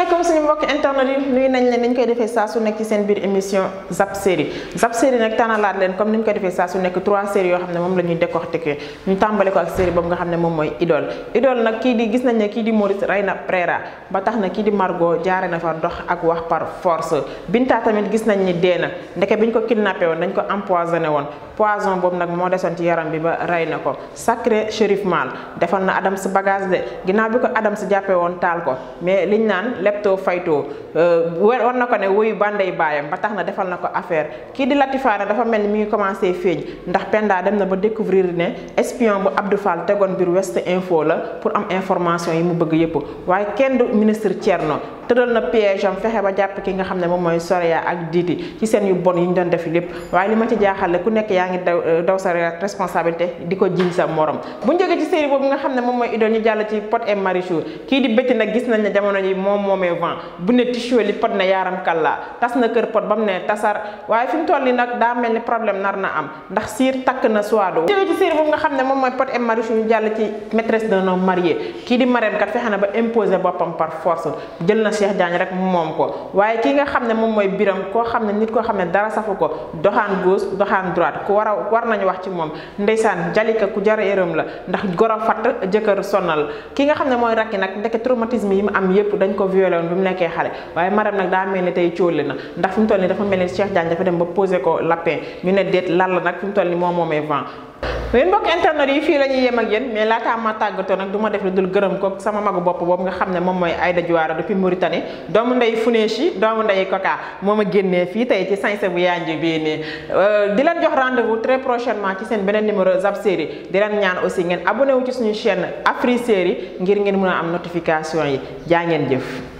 asalaamaaleykum suñu mbokki internet yi nuyu nañ leen niñ koy defee saa su nekk ci seen biir émission zap série zap série nag tànnalaat leen comme niñ koy defee saa su nekk trois séries yoo xam ne moom mooy idole idole nag kii di gis nañ ne kii di Maurice rey na Préra ba tax na kii di Margot jaare na fa dox ak wax par force Binta tamit gis nañ ni dee na ndeke bi ñu ko kidnappé woon dañ ko empoisonné woon poison boobu nag moo desoon ci yaram bi ba rey na ko sacré Chérif Mal defal na Adams bagage de ginnaaw bi ko Adams jàppee woon taal ko lepto fayto euh, war na ko ne wuyu banday baayam ba tax na defal na ko affaire kii di Latifaana dafa mel ni mi ngi commencé feeñ ndax Penda dem na ba découvrir ne espion bu abdu Fall tegoon biir West Info la pour am information yi mu bëgg yëpp waaye kenn du ministre Thierno tëral na piège am fexe ba jàpp ki nga xam ne moom mooy Soreya ak Didi ci seen yu bon yi ñu doon def lépp waaye li ma ci ku nekk yaa ngi daw euh, daw sa responsabilité di ko jiñ sa morom bu ñu jógee ci série nga xam ne moom mooy idole ñu jàll ci Pod et Marichou kii di bëtti nag gis nañ ne jamono yi moom moomee vent bu ne tissué li Pod ne yaaram kàllaa tas na kër pot ba mu ne tasar waaye fi mu toll nii nag daa mel ni problème nar na am ndax siir takk na suwaado jógee ci série boobu nga xam ne moom mooy Pod et Marichou ñu jàll ci maîtresse d'un homme marié kii di Marème kat fexe na boppam par force jël Cheikh Diagne rek moom ko waaye ki nga xam ne moom mooy biram koo xam ne nit koo xam ne dara safu ko doxaan gauche doxaan droite ku war a war nañu wax ci moom ndeysaan jalika ku jara yërëm la ndax goro fatt jëkkër sonal ki nga xam ne mooy rakki nag ndeke traumatisme yi mu am yépp dañ ko violé woon bi mu nekkee xale waaye maram nag daa mel ni tey cóoli na ndax fi mu toll ni dafa mel ni Cheikh Diagne dafa dem ba posé ko lapin ñu ne déet lal nag fi mu toll ni yéen mbokk internet yi fii la ñuy yem ak yéen mais laataa ma tàggatoo nag du ma def lu dul gërëm ko sama magu bopp boobu nga xam ne moom mooy Aïda Diouara depuis Mauritanie doomu ndey Funéchi doomu ndey Koka moo a génnee fii tey ci sañse bu yaanji bii nii euh, di leen jox rendez bu très prochainement ci seen beneen numéro Zap Série di leen ñaan aussi ngeen abonné wu ci suñu chaîne Afri Série ngir ngeen mën a am notification yi jaa ngeen jëf